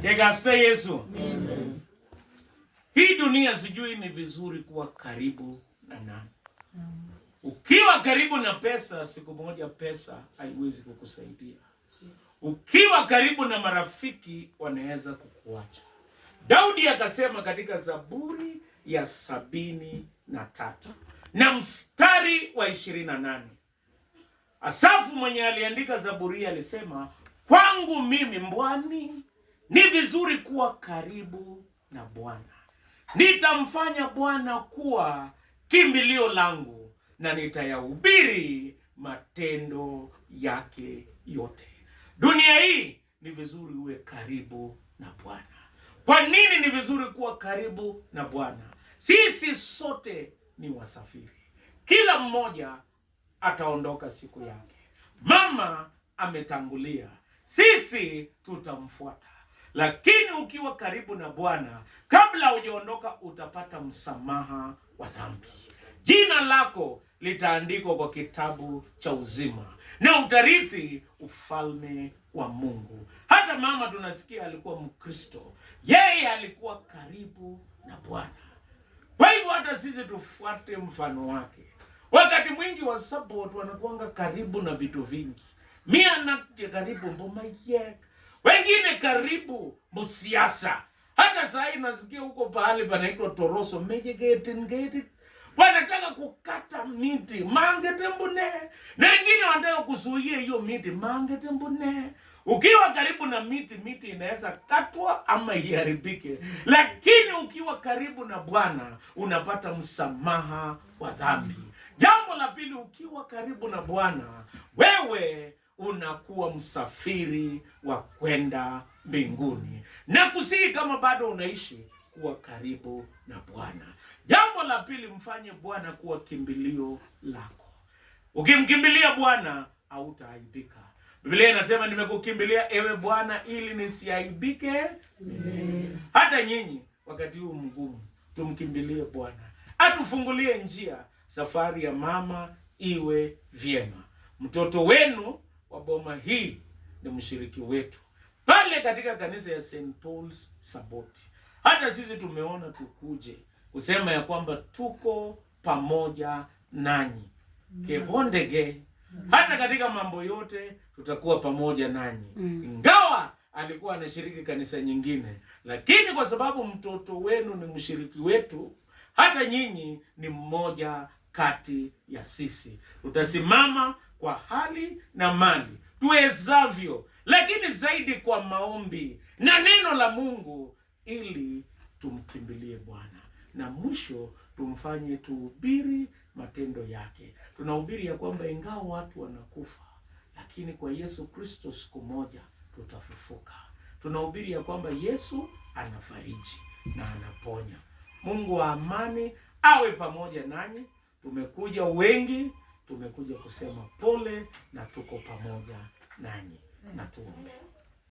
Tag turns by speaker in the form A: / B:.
A: Tegasta eh? Yesu. Hii dunia sijui ni vizuri kuwa karibu na nani. Ukiwa karibu na pesa, siku moja pesa haiwezi kukusaidia. Ukiwa karibu na marafiki, wanaweza kukuacha. Daudi akasema katika Zaburi ya sabini na tatu na mstari wa ishirini na nane Asafu mwenye aliandika Zaburi alisema Kwangu mimi mbwani, ni vizuri kuwa karibu na Bwana. Nitamfanya Bwana kuwa kimbilio langu na nitayahubiri matendo yake yote. Dunia hii ni vizuri uwe karibu na Bwana. Kwa nini ni vizuri kuwa karibu na Bwana? Sisi sote ni wasafiri, kila mmoja ataondoka siku yake. Mama ametangulia sisi tutamfuata. Lakini ukiwa karibu na Bwana, kabla hujaondoka, utapata msamaha wa dhambi, jina lako litaandikwa kwa kitabu cha uzima na utarithi ufalme wa Mungu. Hata mama tunasikia alikuwa Mkristo, yeye alikuwa karibu na Bwana. Kwa hivyo hata sisi tufuate mfano wake. Wakati mwingi wa sabato wanakuanga karibu na vitu vingi miana karibu mbomayek wengine karibu msiasa. Hata hii nasikia huko pahali panaitwa Toroso mejegetingeti wanataka kukata miti mangetembune, na wengine wanataka kuzuia hiyo miti mangetembune. Ukiwa karibu na miti, miti inaweza katwa ama iharibike, lakini ukiwa karibu na Bwana unapata msamaha wa dhambi. Jambo la pili, ukiwa karibu na Bwana wewe unakuwa msafiri wa kwenda mbinguni, na kusihi kama bado unaishi kuwa karibu na Bwana. Jambo la pili, mfanye Bwana kuwa kimbilio lako. Ukimkimbilia Bwana hautaaibika. Biblia inasema nimekukimbilia ewe Bwana ili nisiaibike milele. Hata nyinyi wakati huu mgumu, tumkimbilie Bwana atufungulie njia, safari ya mama iwe vyema, mtoto wenu boma hii ni mshiriki wetu pale katika kanisa ya St. Paul's Saboti. Hata sisi tumeona tukuje kusema ya kwamba tuko pamoja nanyi mm. kebondege, mm. hata katika mambo yote tutakuwa pamoja nanyi. Mm. Ingawa alikuwa anashiriki kanisa nyingine, lakini kwa sababu mtoto wenu ni mshiriki wetu, hata nyinyi ni mmoja kati ya sisi. Tutasimama kwa hali na mali tuwezavyo, lakini zaidi kwa maombi na neno la Mungu ili tumkimbilie Bwana na mwisho tumfanye tuhubiri matendo yake. Tunahubiri ya kwamba ingawa watu wanakufa, lakini kwa Yesu Kristo siku moja tutafufuka. Tunahubiri ya kwamba Yesu anafariji na anaponya. Mungu wa amani awe pamoja nanyi. Tumekuja wengi, tumekuja kusema pole na tuko pamoja nanyi, na tuombe.